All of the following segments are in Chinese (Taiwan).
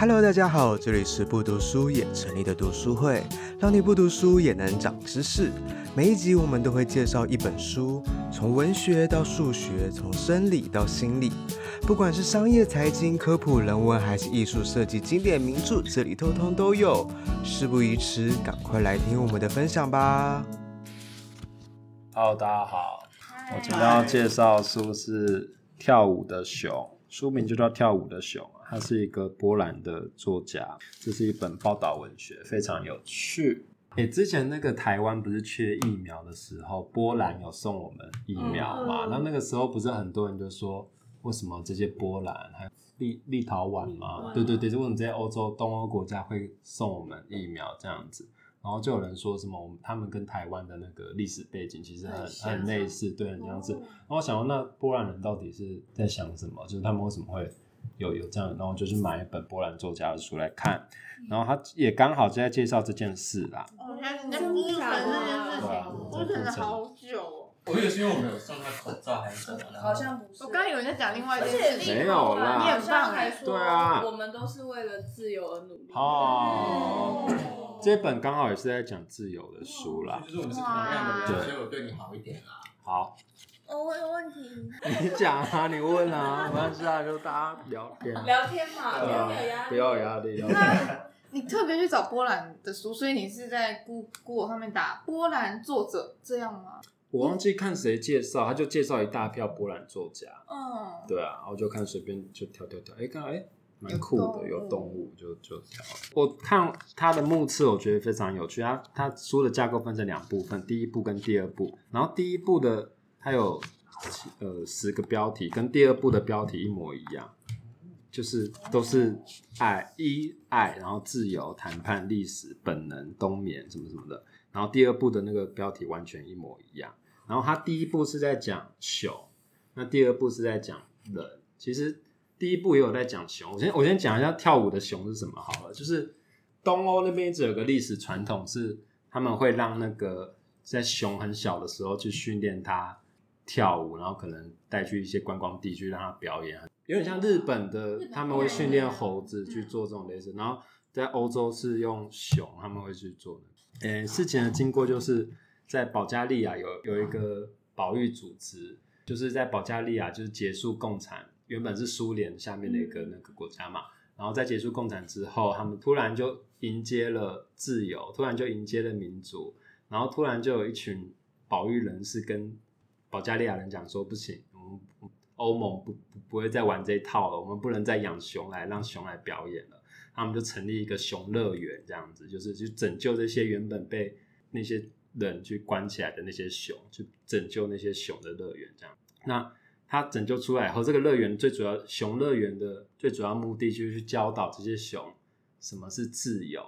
Hello，大家好，這裡是不讀書也成立的讀書會，讓你不讀書也能長知識。每一集我們都會介紹一本書，從文學到數學，從生理到心理，不管是商業、財經、科普、人文，還是藝術、設計、經典名著，這裡通通都有。事不宜遲，趕快來聽我們的分享吧。Hello，大家好，Hi. 我今天要介紹的書是《跳舞的熊》，書名就叫《跳舞的熊》。他是一個波蘭的作家，這是一本報道文學，非常有趣。誒、欸，之前那個台灣不是缺疫苗的時候，波蘭有送我們疫苗嘛？那、嗯、那個時候不是很多人就說，為什麼這些波蘭還有立立陶宛嘛、嗯？對對對，就為什麼這些歐洲東歐國家會送我們疫苗這樣子？然後就有人說什麼，們他們跟台灣的那個歷史背景其實很很，很類似，對，這樣子。然後我想，問那波蘭人到底是在想什麼？就是他們為什麼會？有有這樣，然後就是買一本波蘭作家的書來看，然後他也剛好就在介紹這件事啦。哦，就是確診這件事情，我等了好久哦。我也是因為我沒有送他口罩還是什麼的，好像不是。我剛以為你在講另外一件事情，沒有啦。你好像還說，對啊，我們都是為了自由而努力。哦，這本剛好也是在講自由的書啦，就是我們是同樣的人，所以我對你好一點啦。好。Oh, 我有問題。你講啊，你問啊， 沒事啊，就大家聊天、啊。聊天嘛，對、嗯、啊，不要壓力。那、啊，你特別去找波蘭的書，所以你是在咕咕我上面打波蘭作者這樣嗎？我忘記看誰介紹、嗯，他就介紹一大票波蘭作家。嗯，對啊，然後就看隨便就挑挑挑，哎、欸，剛好哎，蠻酷的，有動物，動物就就挑。我看他的目次，我覺得非常有趣啊。他書的架構分成兩部分，第一部跟第二部，然後第一部的。它有呃十個標題，跟第二部的標題一模一樣，就是都是愛、一愛，然後自由、談判、歷史、本能、冬眠什麼什麼的。然後第二部的那個標題完全一模一樣。然後它第一部是在講熊，那第二部是在講人。其實第一部也有在講熊。我先我先講一下跳舞的熊是什麼好了。就是東歐那邊一直有個歷史傳統，是他們會讓那個在熊很小的時候去訓練它。跳舞，然後可能帶去一些觀光地區，讓他表演，有點像日本的，他們會訓練猴子去做這種類似。然後在歐洲是用熊，他們會去做的。欸，事情的經過就是在保加利亞有有一個保育組織，就是在保加利亞就是結束共產，原本是蘇聯下面的一個那個國家嘛。然後在結束共產之後，他們突然就迎接了自由，突然就迎接了民主，然後突然就有一群保育人士跟。保加利亞人講說不行，我們歐盟不不，不會再玩這一套了，我們不能再養熊來讓熊來表演了。他們就成立一個熊樂園，這樣子就是去拯救這些原本被那些人去關起來的那些熊，去拯救那些熊的樂園這樣子。那他拯救出來以後，這個樂園最主要熊樂園的最主要目的就是去教導這些熊什麼是自由，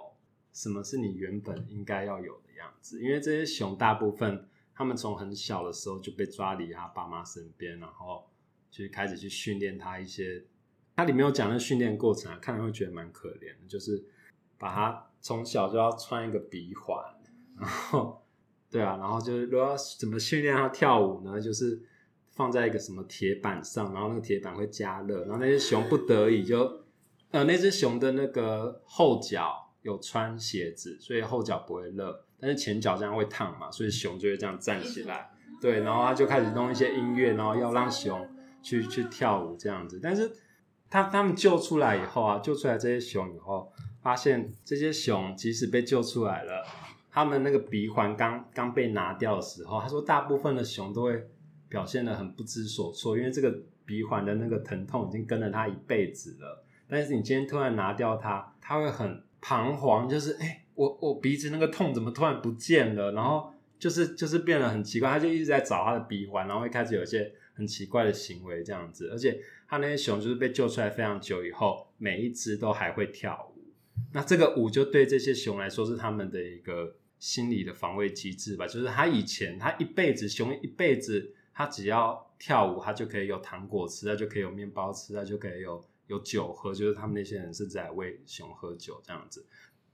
什麼是你原本應該要有的樣子，因為這些熊大部分。他們從很小的時候就被抓離他爸媽身邊，然後就開始去訓練他一些。他裡面有講的訓練過程啊，看了會覺得蠻可憐的，就是把他從小就要穿一個鼻環，然後對啊，然後就是如果要怎麼訓練他跳舞呢，就是放在一個什麼鐵板上，然後那個鐵板會加熱，然後那隻熊不得已就呃，那隻熊的那個後腳。有穿鞋子，所以後腳不會熱，但是前腳這樣會燙嘛，所以熊就會這樣站起來。對，然後他就開始弄一些音樂，然後要讓熊去去跳舞這樣子。但是他他們救出來以後啊，救出來這些熊以後，發現這些熊即使被救出來了，他們那個鼻環剛剛被拿掉的時候，他說大部分的熊都會表現得很不知所措，因為這個鼻環的那個疼痛已經跟了他一輩子了。但是你今天突然拿掉它，他會很。彷徨，就是，哎、欸，我我鼻子那個痛怎麼突然不見了？然後就是就是變得很奇怪，他就一直在找他的鼻環，然後一開始有一些很奇怪的行為這樣子。而且他那些熊就是被救出來非常久以後，每一隻都還會跳舞。那這個舞就對這些熊來說是他們的一個心理的防衛機制吧，就是他以前他一輩子，熊一輩子，他只要跳舞，他就可以有糖果吃，他就可以有麵包吃，他就可以有。有酒喝，就是他們那些人是在餵熊喝酒這樣子，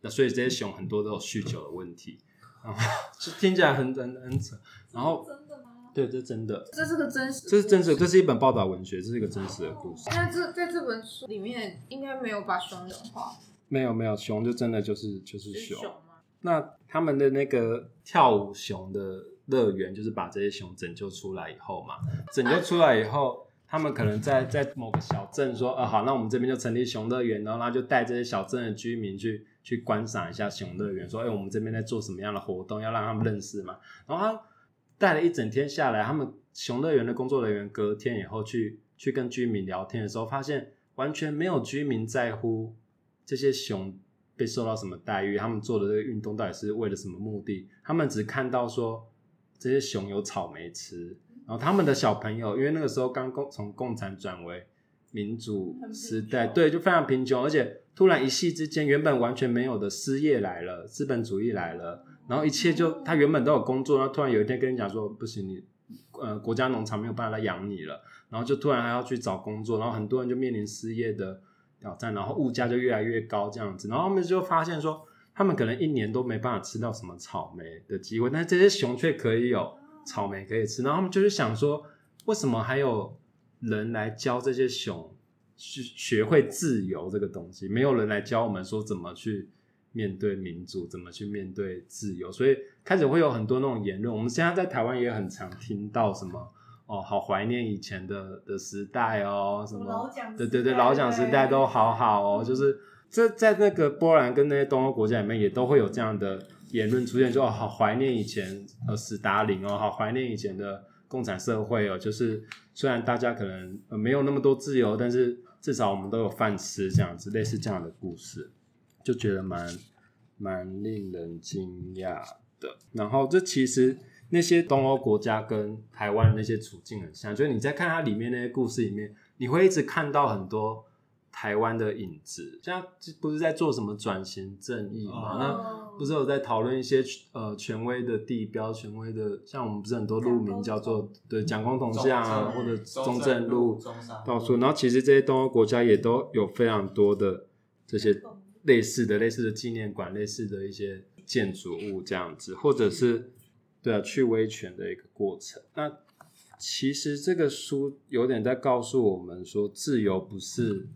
那所以這些熊很多都有酗酒的問題，啊、嗯， 就聽起來很很很扯，然後真的嗎？對，這真的，這是個真實，這是真實，這是一本報道文學，這是一個真實的故事。那、哦、這在這本書裡面應該沒有把熊融化，沒有沒有，熊就真的就是就是熊。是熊嗎？那他們的那個跳舞熊的樂園，就是把這些熊拯救出來以後嘛，嗯、拯救出來以後。 他們可能在在某個小鎮說，啊好，那我們這邊就成立熊樂園，然後他就帶這些小鎮的居民去去觀賞一下熊樂園，說，哎、欸，我們這邊在做什麼樣的活動，要讓他們認識嘛。然後他帶了一整天下來，他們熊樂園的工作人員隔天以後去去跟居民聊天的時候，發現完全沒有居民在乎這些熊被受到什麼待遇，他們做的這個運動到底是為了什麼目的，他們只看到說這些熊有草莓吃。然後他們的小朋友，因為那個時候剛共從共產轉為民主時代，對，就非常貧窮，而且突然一夕之間，原本完全沒有的失業來了，資本主義來了，然後一切就他原本都有工作，然後突然有一天跟你講說不行，你呃國家農場沒有辦法來養你了，然後就突然還要去找工作，然後很多人就面臨失業的挑戰，然後物價就越來越高這樣子，然後他們就發現說，他們可能一年都沒辦法吃到什麼草莓的機會，但是這些熊卻可以有，草莓可以吃，然後他們就是想說，為什麼還有人來教這些熊去學會自由這個東西？沒有人來教我們說怎麼去面對民主，怎麼去面對自由。所以開始會有很多那種言論。我們現在在台灣也很常聽到什麼哦，好懷念以前的的時代哦，什麼，老蔣時代，對對對，老蔣時代都好好哦。就是這在那個波蘭跟那些東歐國家裡面也都會有這樣的。言論出現，就好懷念以前呃，史達林哦，好懷念以前的共產社會哦。就是雖然大家可能呃沒有那麼多自由，但是至少我們都有飯吃，這樣子類似這樣的故事，就覺得蠻蠻令人驚訝的。然後這其實那些東歐國家跟台灣那些處境很像，就是你在看它裡面那些故事裡面，你會一直看到很多。台灣的影子，現在，不是在做什麼轉型正義嘛，嗯？那不是有在討論一些呃權威的地標，權威的，像我們不是很多路名叫做，嗯、對蔣公銅像啊，或者中正、中正路到處。然後其實這些東歐國家也都有非常多的這些類似的、類似的紀念館、類似的一些建築物這樣子，或者是對啊去威權的一個過程。那其實這個書有點在告訴我們說，自由不是、嗯。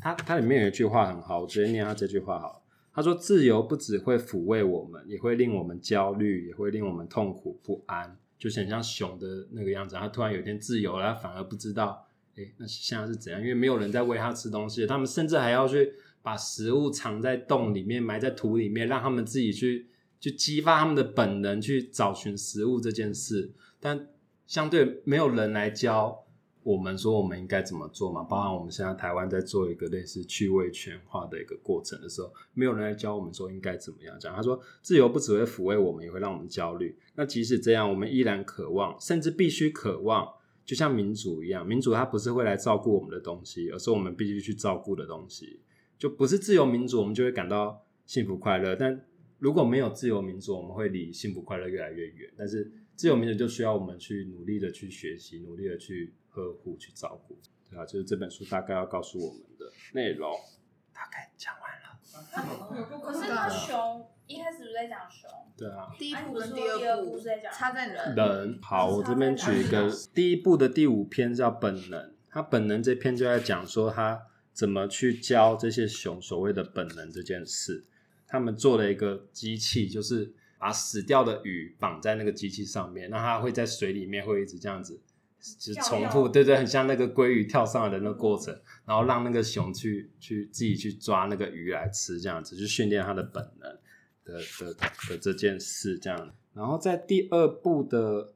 它它裡面有一句話很好，我直接念他這句話好了。他說：“自由不只會撫慰我們，也會令我們焦慮，也會令我們痛苦不安。”就是、很像熊的那個樣子，他突然有一天自由了，他反而不知道，誒、欸、那現在是怎樣？因為沒有人在餵他吃東西，他們甚至還要去把食物藏在洞裡面，埋在土裡面，讓他們自己去，去激發他們的本能去找尋食物這件事。但相對沒有人來教。我們說我們應該怎麼做嘛？包含我們現在台灣在做一個類似去威權化的一個過程的時候，沒有人來教我們說應該怎麼樣講。他說，自由不只會撫慰我們，也會讓我們焦慮。那即使這樣，我們依然渴望，甚至必須渴望，就像民主一樣。民主它不是會來照顧我們的東西，而是我們必須去照顧的東西。就不是自由民主，我們就會感到幸福快樂；但如果沒有自由民主，我們會離幸福快樂越來越遠。但是自由民主就需要我們去努力的去學習，努力的去。客戶去照顧，對啊，就是這本書大概要告訴我們的內容，大概講完了、啊啊。可是他熊一、啊、開始不是在講熊，對啊，第一部跟、啊、第二部是在講差在人。在人，好，我這邊舉一個，第一部的第五篇叫本能，他本能這篇就在講說他怎麼去教這些熊所謂的本能這件事。他們做了一個機器，就是把死掉的魚綁在那個機器上面，那它會在水裡面會一直這樣子。就重複，對，對對，很像那個鮭魚跳上來的那個過程，然後讓那個熊去去自己去抓那個魚來吃，這樣子就訓練它的本能的的的、的這件事這樣子。然後在第二部的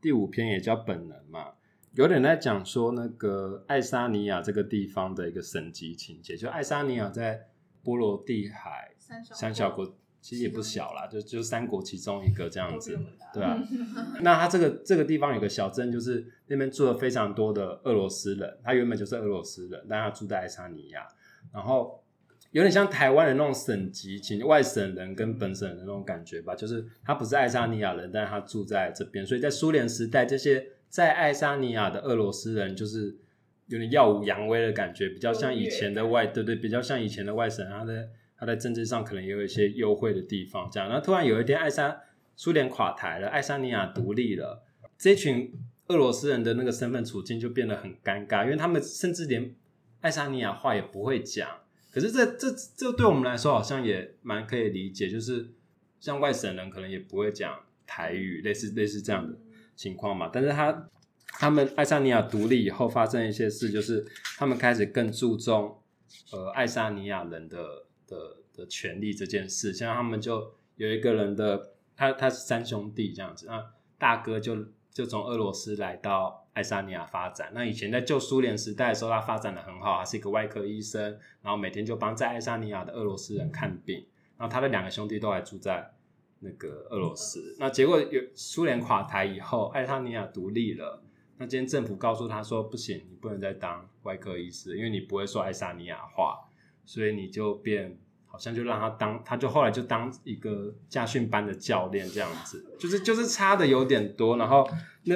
第五篇也叫本能嘛，有點在講說那個愛沙尼亞這個地方的一個神級情節，就愛沙尼亞在波羅的海三小國。其實也不小啦，就就三國其中一個這樣子，對啊。那他這個這個地方有個小鎮，就是那邊住了非常多的俄羅斯人，他原本就是俄羅斯人，但他住在愛沙尼亞，然後有點像台灣的那種省籍，外省人跟本省人的那種感覺吧，就是他不是愛沙尼亞人，但他住在這邊，所以在蘇聯時代，這些在愛沙尼亞的俄羅斯人就是有點耀武揚威的感覺，比較像以前的外，嗯、對，對對，比較像以前的外省人他的。他在政治上可能也有一些優惠的地方，這樣。然後突然有一天，愛沙蘇聯垮台了，愛沙尼亞獨立了，這群俄羅斯人的那個身份處境就變得很尷尬，因為他們甚至連愛沙尼亞話也不會講。可是這這這對我們來說好像也蠻可以理解，就是像外省人可能也不會講台語，類似類似這樣的情況嘛。但是他，他他們愛沙尼亞獨立以後發生一些事，就是他們開始更注重呃愛沙尼亞人的。的的權利這件事，現在他們就有一個人的，他他是三兄弟這樣子。那大哥就就從俄羅斯來到愛沙尼亞發展。那以前在舊蘇聯時代的時候，他發展得很好，他是一個外科醫生，然後每天就幫在愛沙尼亞的俄羅斯人看病。然後他的兩個兄弟都還住在那個俄羅斯。那結果有蘇聯垮台以後，愛沙尼亞獨立了，那今天政府告訴他說，不行，你不能再當外科醫師，因為你不會說愛沙尼亞話。所以你就變，好像就讓他當，他就後來就當一個駕訓班的教練這樣子，就是就是差的有點多。然後那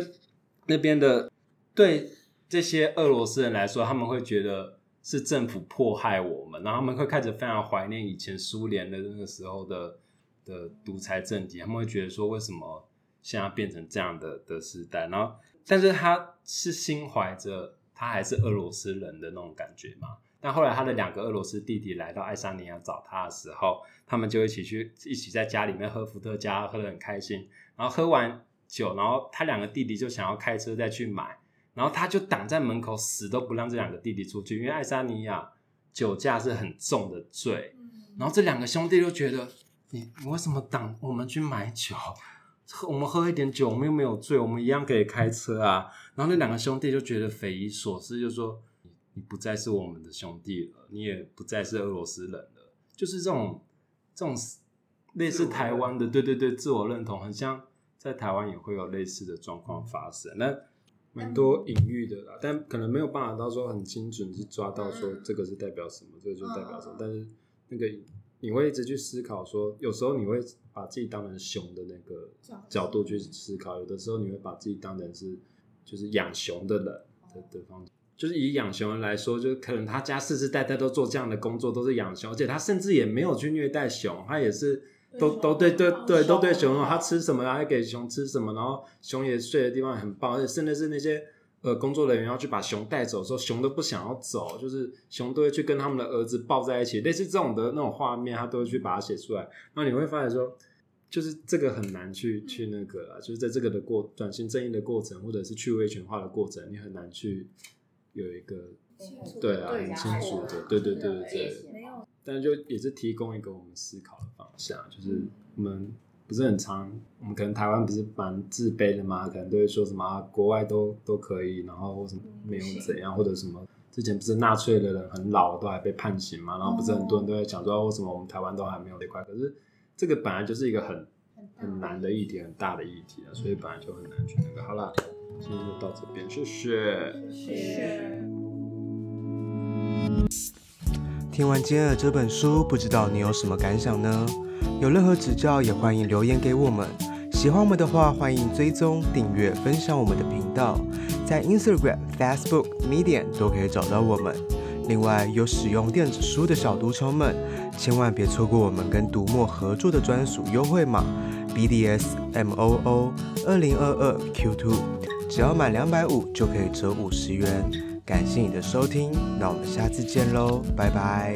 那邊的對這些俄羅斯人來說，他們會覺得是政府迫害我們，然後他們會開始非常懷念以前蘇聯的那個時候的的獨裁政體，他們會覺得說為什麼現在變成這樣的的時代？然後，但是他是心懷着他還是俄羅斯人的那種感覺嗎？但後來他的兩個俄羅斯弟弟來到愛沙尼亞找他的時候，他們就一起去一起在家裡面喝伏特加，喝得很開心。然後喝完酒，然後他兩個弟弟就想要開車再去買，然後他就擋在門口，死都不讓這兩個弟弟出去，因為愛沙尼亞酒駕是很重的罪。嗯。然後這兩個兄弟就覺得，你，你為什麼擋我們去買酒？喝我們喝一點酒，我們又沒有醉，我們一樣可以開車啊。然後那兩個兄弟就覺得匪夷所思，就是說。你不再是我們的兄弟了，你也不再是俄羅斯人了，就是這種這種類似台灣的，對對對，自我認同很像，在台灣也會有類似的狀況發生，那、嗯、蠻多隱喻的啦，但可能沒有辦法到時候很精準去抓到說這個是代表什麼，嗯、這個就代表什麼，嗯，但是那個你會一直去思考說，說有時候你會把自己當成熊的那個角度去思考，有的時候你會把自己當成是就是養熊的人的對方。嗯就是以養熊人來說，就可能他家世世代代都做這樣的工作，都是養熊，而且他甚至也沒有去虐待熊，他也是都對都，都，都，都，都對對對都對熊，熊他吃什麼他給熊吃什麼，然後熊也睡的地方很棒，而且甚至是那些呃工作人員要去把熊帶走的時候，熊都不想要走，就是熊都會去跟他們的兒子抱在一起，類似這種的那種畫面，他都會去把它寫出來。那你會發現說，就是這個很難去、嗯、去那個啦，就是在這個的過轉型正義的過程，或者是去威權化的過程，你很難去。有一個，對啊、嗯，很清楚的，的，對對對對對。對但是就也是提供一個我們思考的方向，嗯、就是我們不是很常，我、嗯、們可能台灣不是蠻自卑的嘛，可能都會說什麼、啊、國外都都可以，然後什麼沒有怎樣，嗯、或者什麼之前不是納粹的人很老都還被判刑嘛，然後不是很多人都在講說、嗯啊、為什麼我們台灣都還沒有這塊，可是這個本來就是一個很很，很難的議題，很大的議題啊，嗯、所以本來就很難去那個好啦。今天就到這邊，謝謝。謝謝。聽完今天的這本書，不知道你有什麼感想呢？有任何指教也歡迎留言給我們。喜歡我們的話，歡迎追蹤、訂閱、分享我們的頻道，在 Instagram、Facebook、Medium 都可以找到我們。另外，有使用電子書的小讀者們，千萬別錯過我們跟讀墨合作的專屬優惠碼 BDSMOO 二零二二 Q two。只要滿兩百五就可以折五十元，感謝你的收聽，那我們下次見嘍，拜拜。